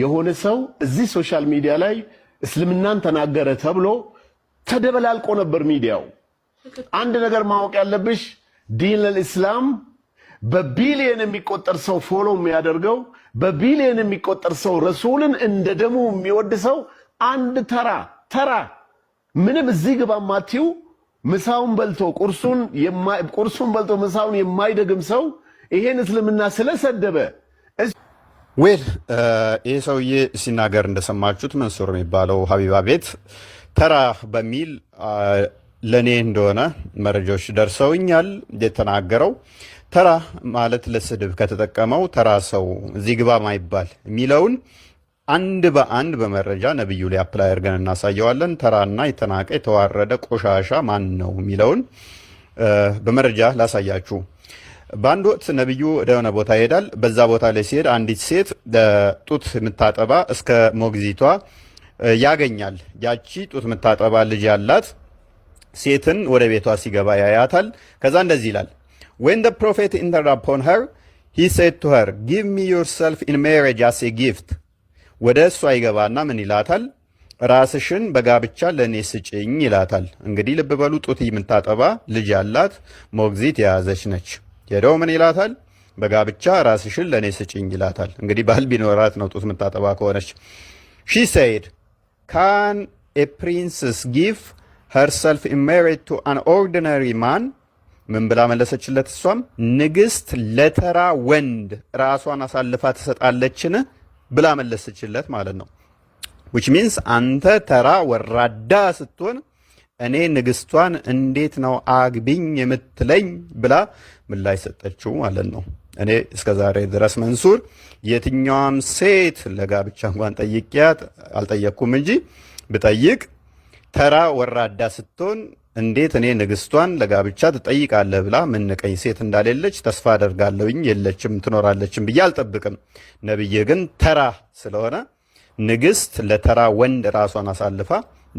የሆነ ሰው እዚህ ሶሻል ሚዲያ ላይ እስልምናን ተናገረ ተብሎ ተደበላልቆ ነበር ሚዲያው። አንድ ነገር ማወቅ ያለብሽ ዲን ኢስላም በቢሊየን የሚቆጠር ሰው ፎሎ የሚያደርገው በቢሊየን የሚቆጠር ሰው ረሱልን እንደ ደሙ የሚወድ ሰው አንድ ተራ ተራ ምንም እዚህ ግባ ማቲው ምሳውን በልቶ ቁርሱን በልቶ ምሳውን የማይደግም ሰው ይሄን እስልምና ስለሰደበ ዌል ይህ ሰውዬ ሲናገር እንደሰማችሁት መንሱር የሚባለው ሀቢባ ቤት ተራ በሚል ለእኔ እንደሆነ መረጃዎች ደርሰውኛል። የተናገረው ተራ ማለት ለስድብ ከተጠቀመው ተራ ሰው እዚህ ግባ ማይባል የሚለውን አንድ በአንድ በመረጃ ነብዩ ላይ አፕላይ አድርገን እናሳየዋለን። ተራና የተናቀ የተዋረደ ቆሻሻ ማን ነው የሚለውን በመረጃ ላሳያችሁ። በአንድ ወቅት ነቢዩ ሆነ ቦታ ይሄዳል። በዛ ቦታ ላይ ሲሄድ አንዲት ሴት ጡት የምታጠባ እስከ ሞግዚቷ ያገኛል። ያቺ ጡት የምታጠባ ልጅ ያላት ሴትን ወደ ቤቷ ሲገባ ያያታል። ከዛ እንደዚህ ይላል ወን ፕሮፌት ኢንተርድ አፖን ሄር ሂ ሴድ ቱ ሄር ጊቭ ሚ ዮርሰልፍ ኢን ሜሬጅ አስ ኤ ጊፍት። ወደ እሷ ይገባና ምን ይላታል? ራስሽን በጋብቻ ለእኔ ስጭኝ ይላታል። እንግዲህ ልብ በሉ ጡት የምታጠባ ልጅ ያላት ሞግዚት የያዘች ነች። ሄደው ምን ይላታል? በጋብቻ ራስሽን ለእኔ ስጭኝ ይላታል። እንግዲህ ባል ቢኖራት ነው ጡት የምታጠባ ከሆነች። ሺ ሰይድ ካን ኤ ፕሪንስስ ጊቭ ሄርሰልፍ ኢን ሜሪጅ ቱ አን ኦርዲነሪ ማን ምን ብላ መለሰችለት? እሷም ንግስት ለተራ ወንድ ራሷን አሳልፋ ትሰጣለችን ብላ መለሰችለት ማለት ነው። ዊች ሚንስ አንተ ተራ ወራዳ ስትሆን እኔ ንግስቷን እንዴት ነው አግቢኝ የምትለኝ ብላ ምላሽ ሰጠችው ማለት ነው። እኔ እስከ ዛሬ ድረስ መንሱር የትኛዋም ሴት ለጋብቻ እንኳን ጠይቂያት አልጠየቅኩም እንጂ ብጠይቅ ተራ ወራዳ ስትሆን እንዴት እኔ ንግስቷን ለጋብቻ ትጠይቃለህ ብላ ምንቀኝ ሴት እንዳሌለች ተስፋ አደርጋለሁኝ። የለችም ትኖራለችም ብዬ አልጠብቅም። ነብዬ ግን ተራ ስለሆነ ንግስት ለተራ ወንድ ራሷን አሳልፋ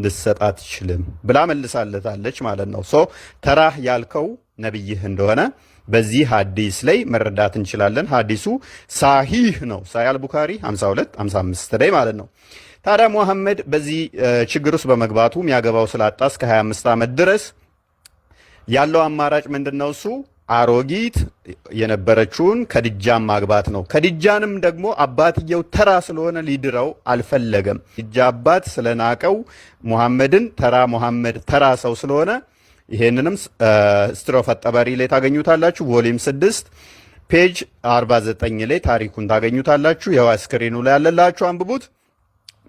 ልሰጥ አትችልም ብላ መልሳለታለች ማለት ነው። ሶ ተራህ ያልከው ነቢይህ እንደሆነ በዚህ ሀዲስ ላይ መረዳት እንችላለን። ሀዲሱ ሳሂህ ነው። ሳሂህ አልቡካሪ 52 55 ላይ ማለት ነው። ታዲያ ሙሐመድ በዚህ ችግር ውስጥ በመግባቱ የሚያገባው ስላጣ እስከ 25 ዓመት ድረስ ያለው አማራጭ ምንድን ነው? እሱ አሮጊት የነበረችውን ከድጃን ማግባት ነው። ከድጃንም ደግሞ አባትየው ተራ ስለሆነ ሊድረው አልፈለገም። ድጃ አባት ስለናቀው ሙሐመድን ተራ ሙሐመድ ተራ ሰው ስለሆነ ይሄንንም ስትሮፍ አጠባሪ ላይ ታገኙታላችሁ። ቮሊም 6 ፔጅ 49 ላይ ታሪኩን ታገኙታላችሁ። የዋ ስክሪኑ ላይ ያለላችሁ አንብቡት።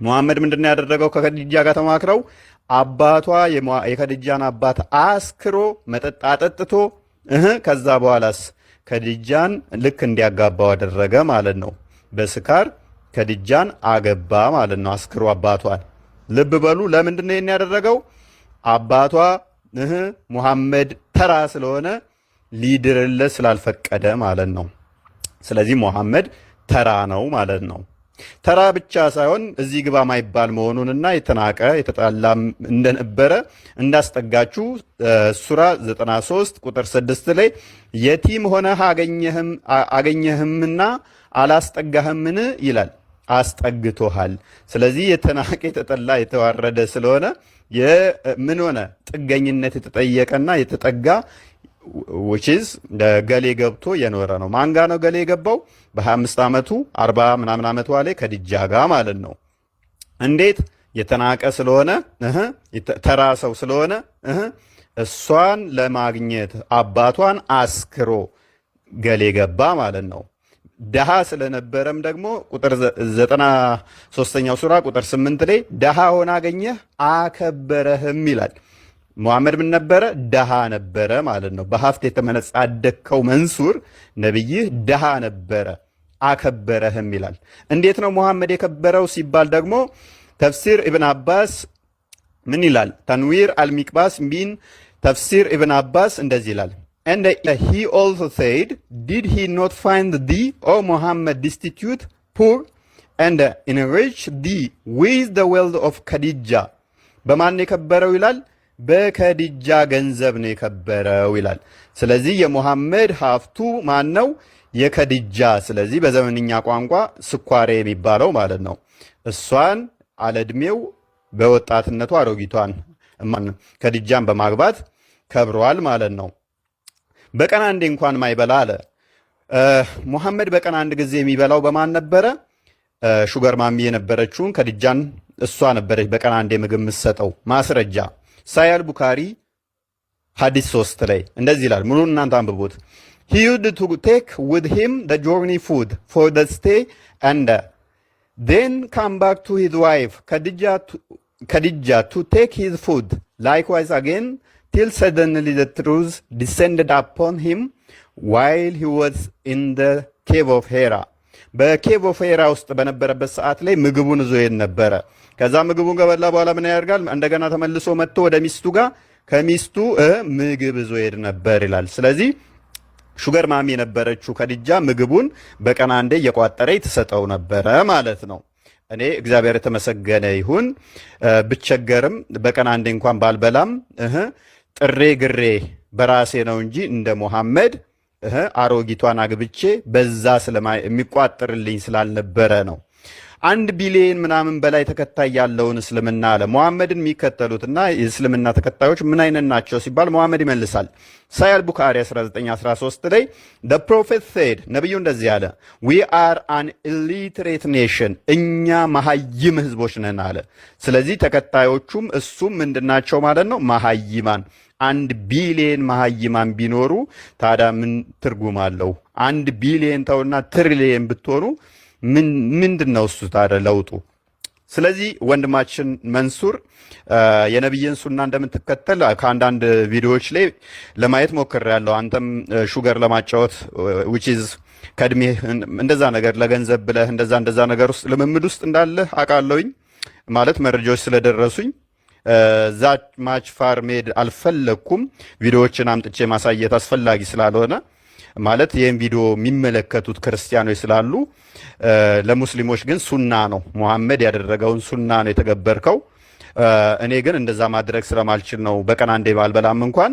ሙሐመድ ምንድነው ያደረገው? ከከድጃ ጋር ተማክረው አባቷ የከድጃን አባት አስክሮ መጠጣ አጠጥቶ እህ ከዛ በኋላስ ከድጃን ልክ እንዲያጋባው አደረገ ማለት ነው። በስካር ከድጃን አገባ ማለት ነው። አስክሮ አባቷን ልብ በሉ። ለምንድን ነው ያደረገው? አባቷ ሙሐመድ ተራ ስለሆነ ሊድርለት ስላልፈቀደ ማለት ነው። ስለዚህ ሙሐመድ ተራ ነው ማለት ነው። ተራ ብቻ ሳይሆን እዚህ ግባ ማይባል መሆኑንና የተናቀ የተጣላም እንደነበረ እንዳስጠጋችሁ ሱራ 93 ቁጥር 6 ላይ የቲም ሆነህ አገኘህምና አላስጠጋህምን ይላል። አስጠግቶሃል። ስለዚህ የተናቀ የተጠላ የተዋረደ ስለሆነ ምን ሆነ? ጥገኝነት የተጠየቀና የተጠጋ ዊችዝ ገሌ ገብቶ የኖረ ነው። ማን ጋ ነው ገሌ የገባው? በ25 ዓመቱ 40 ምናምን ዓመቷ ላይ ከድጃ ጋ ማለት ነው። እንዴት የተናቀ ስለሆነ ተራ ሰው ስለሆነ እሷን ለማግኘት አባቷን አስክሮ ገሌ ገባ ማለት ነው። ደሃ ስለነበረም ደግሞ ቁጥር ዘጠና ሦስተኛው ሱራ ቁጥር ስምንት ላይ ደሃ ሆነ አገኘህ አከበረህም ይላል። ሙሐመድ ምን ነበረ? ደሃ ነበረ ማለት ነው። በሀፍት የተመነጻደከው መንሱር ነቢይህ ደሃ ነበረ አከበረህም ይላል። እንዴት ነው ሙሐመድ የከበረው ሲባል ደግሞ ተፍሲር ኢብን አባስ ምን ይላል? ተንዊር አልሚቅባስ ሚን ተፍሲር ኢብን አባስ እንደዚህ ይላል And he also said, Did he not find thee, O Muhammad, destitute, poor, and enrich thee with the wealth of Khadija? በማን የከበረው ይላል በከድጃ ገንዘብ ነው የከበረው ይላል። ስለዚህ የሙሐመድ ሀፍቱ ማን ነው? የከድጃ ስለዚህ በዘመንኛ ቋንቋ ስኳሬ የሚባለው ማለት ነው። እሷን አለድሜው በወጣትነቱ አሮጊቷን ከድጃን በማግባት ከብሯል ማለት ነው። በቀን አንዴ እንኳን ማይበላ አለ ሙሐመድ። በቀን አንድ ጊዜ የሚበላው በማን ነበረ? ሹገር ማሚ የነበረችውን ከድጃን እሷ ነበረች በቀን አንዴ ምግብ የምትሰጠው ማስረጃ ሳያል ቡካሪ ሀዲስ ሶስት ላይ እንደዚህ ይላል። ሙሉ እናንተ አንብቡት። ሂ ውድ ቱ ቴክ ውድ ሂም ደ ጆርኒ ፉድ ፎር ደ ስቴ አንድ ዴን ካም ባክ ቱ ሂዝ ዋይፍ ከድጃ ቱ ቴክ ሂዝ ፉድ ላይክዋይዝ አጌን ቲል ሰደንሊ ደ ትሩዝ ዲሰንድድ አፖን ሂም ዋይል ሂ ዋዝ ኢን ደ ኬቭ ኦፍ ሄራ በኬቭ ኦፍ ሄራ ውስጥ በነበረበት ሰዓት ላይ ምግቡን ይዞ ሄድ ነበረ። ከዛ ምግቡን ከበላ በኋላ ምን ያደርጋል? እንደገና ተመልሶ መጥቶ ወደ ሚስቱ ጋር ከሚስቱ ምግብ ይዞ ሄድ ነበር ይላል። ስለዚህ ሹገር ማሚ የነበረችው ከድጃ ምግቡን በቀን አንዴ እየቋጠረ ትሰጠው ነበረ ማለት ነው። እኔ እግዚአብሔር የተመሰገነ ይሁን ብቸገርም በቀን አንዴ እንኳን ባልበላም ጥሬ ግሬ በራሴ ነው እንጂ እንደ መሐመድ አሮጊቷን አግብቼ በዛ የሚቋጥርልኝ ስላልነበረ ነው። አንድ ቢሊየን ምናምን በላይ ተከታይ ያለውን እስልምና አለ ሙሐመድን እና የእስልምና ተከታዮች ምን አይነት ናቸው ሲባል ሙሐመድ ይመልሳል። ሳያል ቡካሪ 1913 ላይ ደ ፕሮፌት ሴድ ነቢዩ እንደዚህ አለ ዊ አር አን ኢሊትሬት ኔሽን እኛ መሀይም ህዝቦች ነን አለ። ስለዚህ ተከታዮቹም እሱም ምንድናቸው ማለት ነው መሀይማን አንድ ቢሊየን መሀይማን ቢኖሩ ታዲያ ምን ትርጉም አለው? አንድ ቢሊየን ተውና ትሪሊየን ብትሆኑ ምንድን ነው እሱ ታዲያ ለውጡ? ስለዚህ ወንድማችን መንሱር የነቢይን ሱና እንደምትከተል ከአንዳንድ ቪዲዮዎች ላይ ለማየት ያለው አንተም ሹገር ለማጫወት ዊች ኢዝ እንደዛ ነገር ለገንዘብ ብለህ እንደዛ እንደዛ ነገር ውስጥ ልምምድ ውስጥ እንዳለህ አውቃለሁኝ። ማለት መረጃዎች ስለደረሱኝ ዛ ማች ፋር መሄድ አልፈለግኩም። ቪዲዮዎችን አምጥቼ ማሳየት አስፈላጊ ስላልሆነ ማለት ይህን ቪዲዮ የሚመለከቱት ክርስቲያኖች ስላሉ ለሙስሊሞች ግን ሱና ነው። ሙሐመድ ያደረገውን ሱና ነው የተገበርከው። እኔ ግን እንደዛ ማድረግ ስለማልችል ነው በቀን አንዴ ባልበላም እንኳን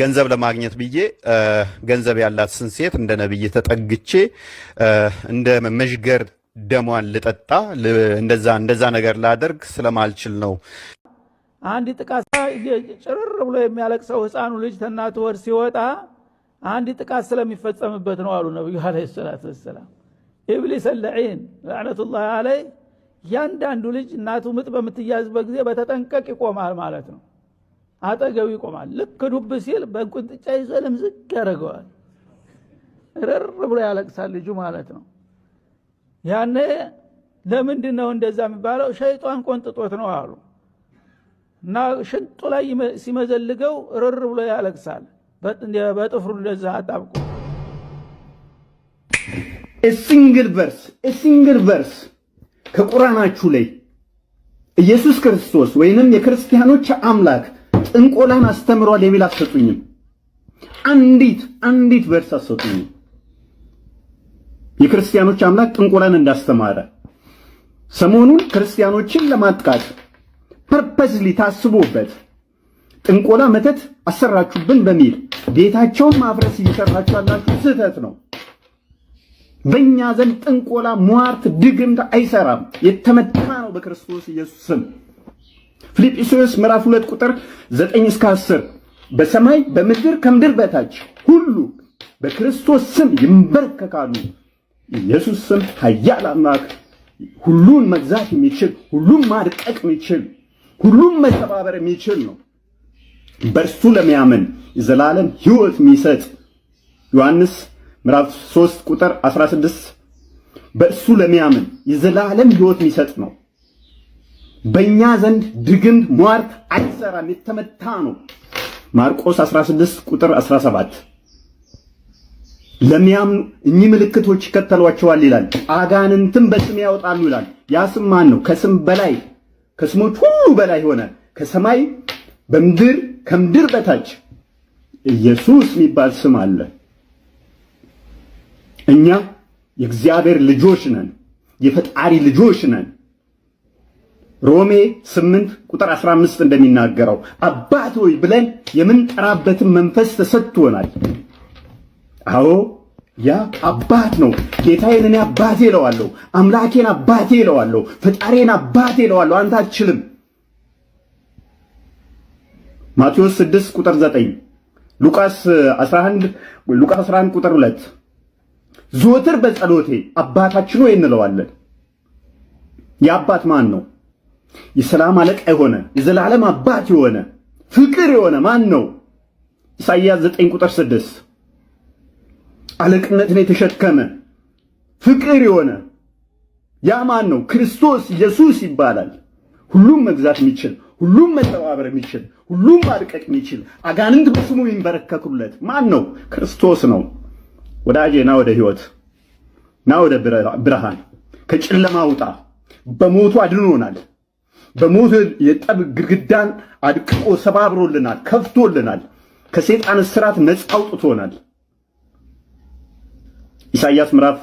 ገንዘብ ለማግኘት ብዬ ገንዘብ ያላት ስንት ሴት እንደ ነብይ ተጠግቼ እንደ መዥገር ደሟን ልጠጣ እንደዛ እንደዛ ነገር ላደርግ ስለማልችል ነው። አንድ ጥቃሳ ጭርር ብሎ የሚያለቅሰው ህፃኑ ልጅ ተናቱ ሲወጣ አንድ ጥቃት ስለሚፈጸምበት ነው አሉ ነቢዩ አለ ሰላት ወሰላም። ኢብሊስ ለዒን ላዕነቱላህ አለይ እያንዳንዱ ልጅ እናቱ ምጥ በምትያዝበት ጊዜ በተጠንቀቅ ይቆማል ማለት ነው። አጠገቡ ይቆማል። ልክ ዱብ ሲል በቁንጥጫ ይዞ ልምዝግ ያደርገዋል። ረር ብሎ ያለቅሳል ልጁ ማለት ነው። ያኔ ለምንድን ነው እንደዛ የሚባለው? ሸይጣን ቆንጥጦት ነው አሉ እና ሽንጡ ላይ ሲመዘልገው ርር ብሎ ያለቅሳል። በጥፍሩ ለዛ አጣብቁ። ሲንግል ቨርስ ሲንግል ቨርስ ከቁራናችሁ ላይ ኢየሱስ ክርስቶስ ወይንም የክርስቲያኖች አምላክ ጥንቆላን አስተምሯል የሚል አሰጡኝም አንዲት አንዲት ቨርስ አሰጡኝም የክርስቲያኖች አምላክ ጥንቆላን እንዳስተማረ ሰሞኑን ክርስቲያኖችን ለማጥቃት ፐርፐስሊ ታስቦበት ጥንቆላ መተት አሰራችሁብን በሚል ቤታቸውን ማፍረስ እየሰራችሁ ያላችሁ ስህተት ነው። በእኛ ዘንድ ጥንቆላ፣ ሟርት፣ ድግምት አይሰራም። የተመታ ነው በክርስቶስ ኢየሱስ ስም። ፊልጵስዩስ ምዕራፍ 2 ቁጥር 9 እስከ 10 በሰማይ በምድር ከምድር በታች ሁሉ በክርስቶስ ስም ይንበረከካሉ። ኢየሱስ ስም ኃያል አምላክ ሁሉን መግዛት የሚችል ሁሉን ማድቀቅ የሚችል ሁሉን መተባበር የሚችል ነው። በእርሱ ለሚያምን የዘላለም ሕይወት የሚሰጥ ዮሐንስ ምዕራፍ 3 ቁጥር 16 በእሱ ለሚያምን የዘላለም ሕይወት የሚሰጥ ነው። በእኛ ዘንድ ድግም ሟርት አይሰራም፣ የተመታ ነው። ማርቆስ 16 ቁጥር 17 ለሚያምኑ እኚህ ምልክቶች ይከተሏቸዋል ይላል። አጋንንትም በስም ያወጣሉ ይላል። ያ ስም ማን ነው? ከስም በላይ ከስሞች ሁሉ በላይ ሆነ ከሰማይ በምድር ከምድር በታች ኢየሱስ የሚባል ስም አለ። እኛ የእግዚአብሔር ልጆች ነን፣ የፈጣሪ ልጆች ነን። ሮሜ 8 ቁጥር 15 እንደሚናገረው አባት ሆይ ብለን የምንጠራበትን መንፈስ ተሰጥቶናል። አዎ ያ አባት ነው። ጌታዬን እኔ አባቴ እለዋለሁ፣ አምላኬን አባቴ እለዋለሁ፣ ፈጣሪን አባቴ እለዋለሁ። አንተ አትችልም ማቴዎስ 6 ቁጥር 9 ሉቃስ 11 ሉቃስ 11 ቁጥር 2 ዞትር በጸሎቴ አባታችን ሆይ እንለዋለን። የአባት ማን ነው? የሰላም አለቃ የሆነ የዘላለም አባት የሆነ ፍቅር የሆነ ማን ነው? ኢሳይያስ 9 ቁጥር 6 አለቅነትን የተሸከመ ፍቅር የሆነ ያ ማን ነው? ክርስቶስ ኢየሱስ ይባላል። ሁሉም መግዛት የሚችል ሁሉም መተባበር የሚችል ሁሉም ማድቀቅ የሚችል አጋንንት በስሙ የሚንበረከኩለት ማን ነው? ክርስቶስ ነው። ወዳጄ ና ወደ ህይወት ና ወደ ብርሃን፣ ከጨለማ ውጣ። በሞቱ አድኖናል። በሞት የጠብ ግድግዳን አድቅቆ ሰባብሮልናል፣ ከፍቶልናል፣ ከሴጣን እስራት ነፃ አውጥቶናል። ኢሳይያስ ምዕራፍ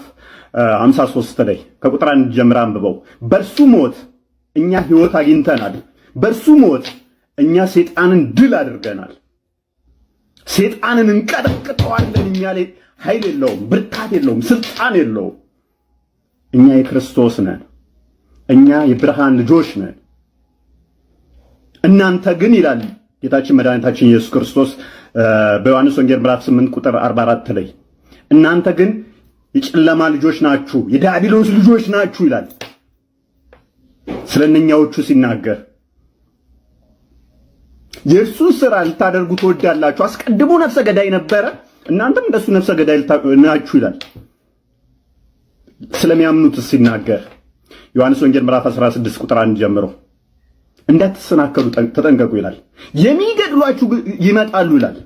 53 ላይ ከቁጥር አንድ ጀምራ አንብበው። በእርሱ ሞት እኛ ህይወት አግኝተናል በእርሱ ሞት እኛ ሴጣንን ድል አድርገናል። ሴጣንን እንቀጠቅጠዋለን። እኛ ላይ ኃይል የለውም፣ ብርታት የለውም፣ ስልጣን የለውም። እኛ የክርስቶስ ነን። እኛ የብርሃን ልጆች ነን። እናንተ ግን ይላል ጌታችን መድኃኒታችን ኢየሱስ ክርስቶስ በዮሐንስ ወንጌል ምዕራፍ 8 ቁጥር 44 ላይ እናንተ ግን የጨለማ ልጆች ናችሁ፣ የዲያብሎስ ልጆች ናችሁ ይላል ስለነኛዎቹ ሲናገር የእርሱን ስራ ልታደርጉ ትወዳላችሁ። አስቀድሞ ነፍሰ ገዳይ ነበረ፣ እናንተም እንደሱ ነፍሰ ገዳይ ናችሁ ይላል። ስለሚያምኑት ሲናገር ዮሐንስ ወንጌል ምዕራፍ 16 ቁጥር 1 ጀምሮ እንዳትሰናከሉ ተጠንቀቁ ይላል። የሚገድሏችሁ ይመጣሉ ይላል፣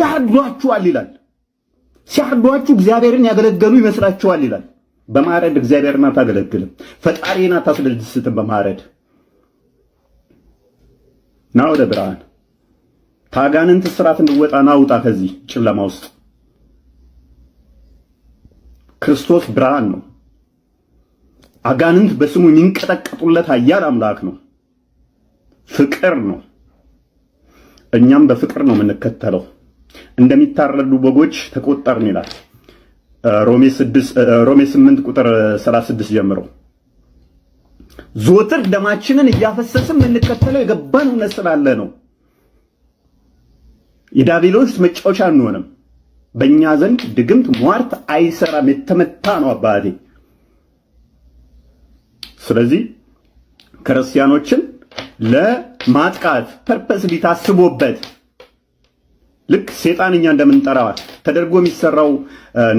ያርዷችኋል ይላል። ሲያርዷችሁ እግዚአብሔርን ያገለገሉ ይመስላችኋል ይላል። በማረድ እግዚአብሔርን አታገለግልም፣ ፈጣሪን አታስደስትም በማረድ ና ወደ ብርሃን ታጋንንት ስራት እንድወጣ ና ውጣ ከዚህ ጨለማ ውስጥ ክርስቶስ ብርሃን ነው። አጋንንት በስሙ የሚንቀጠቀጡለት ኃያል አምላክ ነው። ፍቅር ነው። እኛም በፍቅር ነው የምንከተለው። እንደሚታረዱ በጎች ተቆጠርን ይላል ሮሜ 8 ቁጥር 36 ጀምሮ ዞትር ደማችንን እያፈሰስን የምንከተለው የገባን እውነት ስላለ ነው። የዳቢሎስ መጫወቻ አንሆንም። በእኛ ዘንድ ድግምት ሟርት አይሰራም። የተመታ ነው አባቴ። ስለዚህ ክርስቲያኖችን ለማጥቃት ፐርፐስ ቢታስቦበት ልክ ሴጣን እኛ ተደርጎ የሚሰራው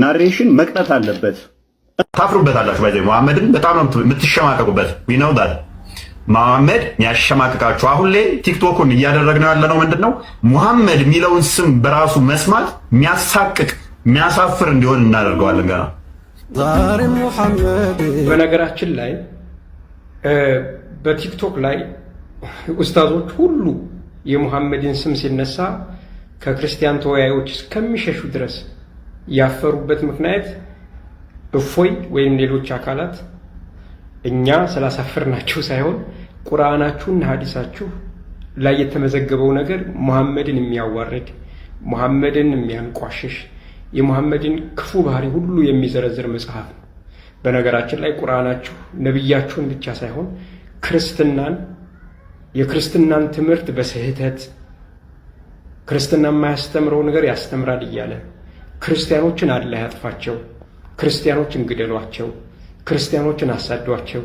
ናሬሽን መቅጠት አለበት። ታፍሩበታላችሁ። ባይዘ መሐመድን በጣም ነው የምትሸማቀቁበት። ነው መሐመድ ያሸማቅቃችሁ። አሁን ላይ ቲክቶኩን እያደረግነው ያለነው ምንድን ነው መሐመድ የሚለውን ስም በራሱ መስማት የሚያሳቅቅ የሚያሳፍር እንዲሆን እናደርገዋለን። ገና በነገራችን ላይ በቲክቶክ ላይ ኡስታዞች ሁሉ የሙሐመድን ስም ሲነሳ ከክርስቲያን ተወያዮች እስከሚሸሹ ድረስ ያፈሩበት ምክንያት እፎይ ወይም ሌሎች አካላት እኛ ስላሳፈርናችሁ ሳይሆን ቁርአናችሁና ሀዲሳችሁ ላይ የተመዘገበው ነገር መሐመድን የሚያዋርድ መሐመድን የሚያንቋሽሽ የመሐመድን ክፉ ባህሪ ሁሉ የሚዘረዝር መጽሐፍ ነው። በነገራችን ላይ ቁርአናችሁ ነቢያችሁን ብቻ ሳይሆን ክርስትናን የክርስትናን ትምህርት በስህተት ክርስትና የማያስተምረው ነገር ያስተምራል እያለ ክርስቲያኖችን አላህ ያጥፋቸው ክርስቲያኖችን ግደሏቸው፣ ክርስቲያኖችን አሳዷቸው፣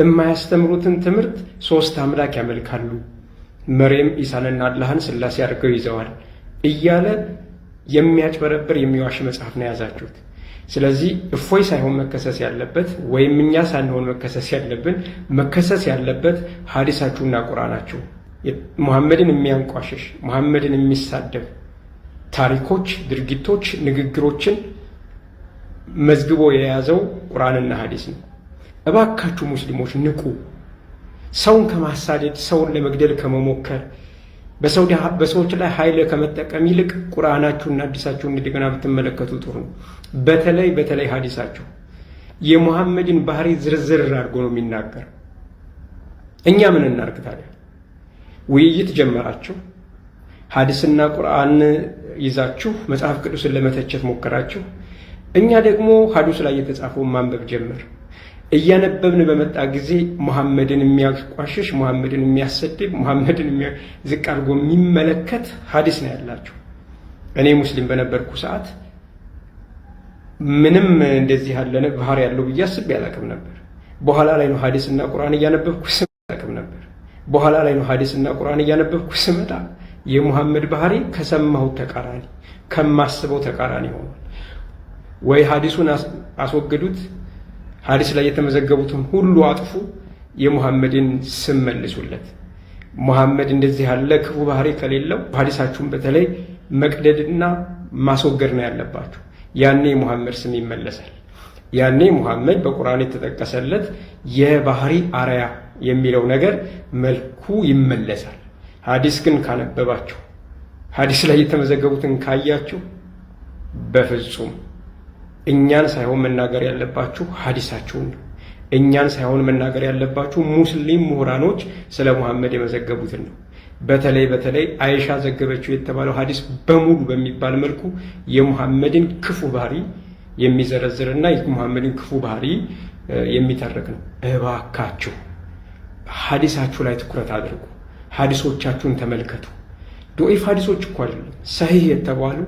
የማያስተምሩትን ትምህርት ሦስት አምላክ ያመልካሉ፣ መሬም ኢሳንና አላህን ሥላሴ አድርገው ይዘዋል እያለ የሚያጭበረብር የሚዋሽ መጽሐፍ ነው የያዛችሁት። ስለዚህ እፎይ ሳይሆን መከሰስ ያለበት ወይም እኛ ሳንሆን መከሰስ ያለብን፣ መከሰስ ያለበት ሀዲሳችሁና ቁርአናችሁ ሙሐመድን የሚያንቋሽሽ ሙሐመድን የሚሳደብ ታሪኮች፣ ድርጊቶች፣ ንግግሮችን መዝግቦ የያዘው ቁርአንና ሐዲስ ነው። እባካችሁ ሙስሊሞች ንቁ። ሰውን ከማሳደድ ሰውን ለመግደል ከመሞከር በሰዎች ላይ ኃይል ከመጠቀም ይልቅ ቁርአናችሁና ሐዲሳችሁን እንደገና ብትመለከቱ ጥሩ ነው። በተለይ በተለይ ሐዲሳችሁ የሙሐመድን ባህሪ ዝርዝር አድርጎ ነው የሚናገር። እኛ ምን እናርግ ታዲያ? ውይይት ጀመራችሁ፣ ሐዲስና ቁርአን ይዛችሁ መጽሐፍ ቅዱስን ለመተቸት ሞከራችሁ። እኛ ደግሞ ሀዱስ ላይ የተጻፈውን ማንበብ ጀመር። እያነበብን በመጣ ጊዜ ሙሐመድን የሚያቋሽሽ ሙሐመድን የሚያሰድብ ሙሐመድን ዝቅ አድርጎ የሚመለከት ሀዲስ ነው ያላቸው። እኔ ሙስሊም በነበርኩ ሰዓት ምንም እንደዚህ ያለ ባህሪ ያለው ብዬ አስቤ አላቅም ነበር። በኋላ ላይ ነው ሀዲስ እና ቁርአን እያነበብኩ ስመጣ ነበር። በኋላ ላይ ነው ሀዲስ እና ቁርአን እያነበብኩ ስመጣ የሙሐመድ ባህሪ ከሰማሁት ተቃራኒ ከማስበው ተቃራኒ ሆኗል። ወይ ሀዲሱን አስወግዱት፣ ሀዲስ ላይ የተመዘገቡትን ሁሉ አጥፉ፣ የሙሐመድን ስም መልሱለት። ሙሐመድ እንደዚህ ያለ ክፉ ባህሪ ከሌለው ሀዲሳችሁን በተለይ መቅደድና ማስወገድ ነው ያለባችሁ። ያኔ የሙሐመድ ስም ይመለሳል። ያኔ ሙሐመድ በቁርአን የተጠቀሰለት የባህሪ አርያ የሚለው ነገር መልኩ ይመለሳል። ሀዲስ ግን ካነበባችሁ ሀዲስ ላይ የተመዘገቡትን ካያችሁ በፍጹም እኛን ሳይሆን መናገር ያለባችሁ ሀዲሳችሁን እኛን ሳይሆን መናገር ያለባችሁ ሙስሊም ምሁራኖች ስለ መሐመድ የመዘገቡትን ነው። በተለይ በተለይ አይሻ ዘገበችው የተባለው ሀዲስ በሙሉ በሚባል መልኩ የሙሐመድን ክፉ ባህሪ የሚዘረዝርና የሙሐመድን ክፉ ባህሪ የሚተርክ ነው። እባካችሁ ሀዲሳችሁ ላይ ትኩረት አድርጉ። ሀዲሶቻችሁን ተመልከቱ። ዶኢፍ ሀዲሶች እኮ አይደለም ሰሂህ የተባሉ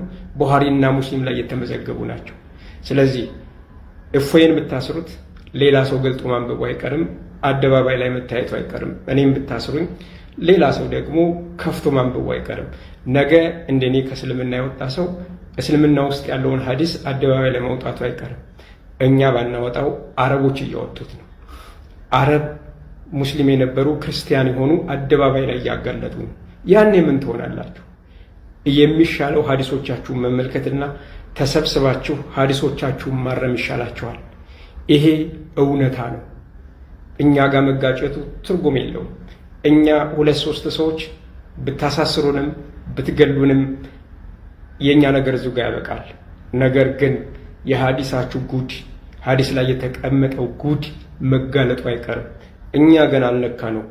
ቡሃሪና ሙስሊም ላይ የተመዘገቡ ናቸው። ስለዚህ እፎይን ብታስሩት ሌላ ሰው ገልጦ ማንበቡ አይቀርም፣ አደባባይ ላይ መታየቱ አይቀርም። እኔም ብታስሩኝ ሌላ ሰው ደግሞ ከፍቶ ማንበቡ አይቀርም። ነገ እንደኔ ከእስልምና የወጣ ሰው እስልምና ውስጥ ያለውን ሀዲስ አደባባይ ላይ መውጣቱ አይቀርም። እኛ ባናወጣው አረቦች እያወጡት ነው። አረብ ሙስሊም የነበሩ ክርስቲያን የሆኑ አደባባይ ላይ እያጋለጡ ነው። ያኔ ምን ትሆናላችሁ? የሚሻለው ሀዲሶቻችሁን መመልከትና ተሰብስባችሁ ሀዲሶቻችሁን ማረም ይሻላችኋል። ይሄ እውነታ ነው። እኛ ጋር መጋጨቱ ትርጉም የለውም። እኛ ሁለት ሶስት ሰዎች ብታሳስሩንም ብትገሉንም የእኛ ነገር እዚሁ ጋር ያበቃል። ነገር ግን የሀዲሳችሁ ጉድ ሀዲስ ላይ የተቀመጠው ጉድ መጋለጡ አይቀርም። እኛ ገና አልነካ ነው።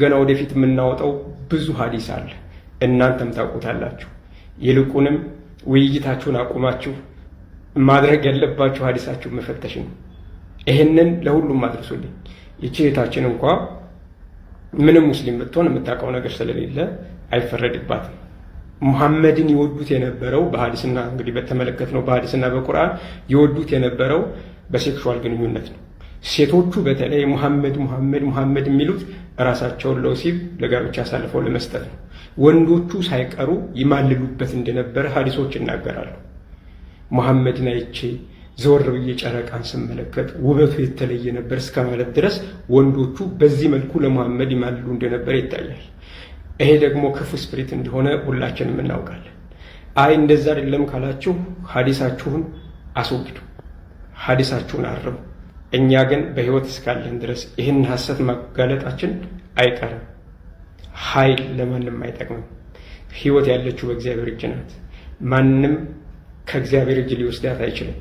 ገና ወደፊት የምናወጣው ብዙ ሀዲስ አለ። እናንተም ታውቁታላችሁ። ይልቁንም ውይይታችሁን አቁማችሁ ማድረግ ያለባችሁ ሀዲሳችሁ መፈተሽ ነው። ይህንን ለሁሉም አድርሱልኝ። ይችታችን እንኳ ምንም ሙስሊም ብትሆን የምታውቀው ነገር ስለሌለ አይፈረድባትም። ሙሐመድን ይወዱት የነበረው በሀዲስና እንግዲህ በተመለከት ነው በሀዲስና በቁርአን ይወዱት የነበረው በሴክሹዋል ግንኙነት ነው። ሴቶቹ በተለይ ሙሐመድ ሙሐመድ ሙሐመድ የሚሉት እራሳቸውን ለወሲብ ለጋብቻ አሳልፈው ለመስጠት ነው። ወንዶቹ ሳይቀሩ ይማልሉበት እንደነበረ ሀዲሶች ይናገራሉ። መሐመድን አይቼ ዘወር ብዬ ጨረቃን ስመለከት ውበቱ የተለየ ነበር እስከ ማለት ድረስ ወንዶቹ በዚህ መልኩ ለመሐመድ ይማልሉ እንደነበር ይታያል። ይሄ ደግሞ ክፉ ስፕሪት እንደሆነ ሁላችንም እናውቃለን። አይ እንደዛ አይደለም ካላችሁ ሀዲሳችሁን አስወግዱ፣ ሀዲሳችሁን አርሙ። እኛ ግን በህይወት እስካለን ድረስ ይህን ሀሰት ማጋለጣችን አይቀርም። ኃይል ለማንም አይጠቅምም። ህይወት ያለችው በእግዚአብሔር እጅ ናት። ማንም ከእግዚአብሔር እጅ ሊወስዳት አይችልም።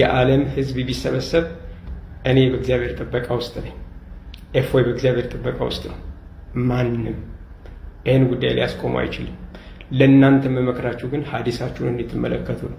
የዓለም ህዝብ ቢሰበሰብ እኔ በእግዚአብሔር ጥበቃ ውስጥ ነኝ። ኤፎይ በእግዚአብሔር ጥበቃ ውስጥ ነው። ማንም ይህን ጉዳይ ሊያስቆሙ አይችልም። ለእናንተ መመክራችሁ ግን ሀዲሳችሁን እንድትመለከቱ ነው።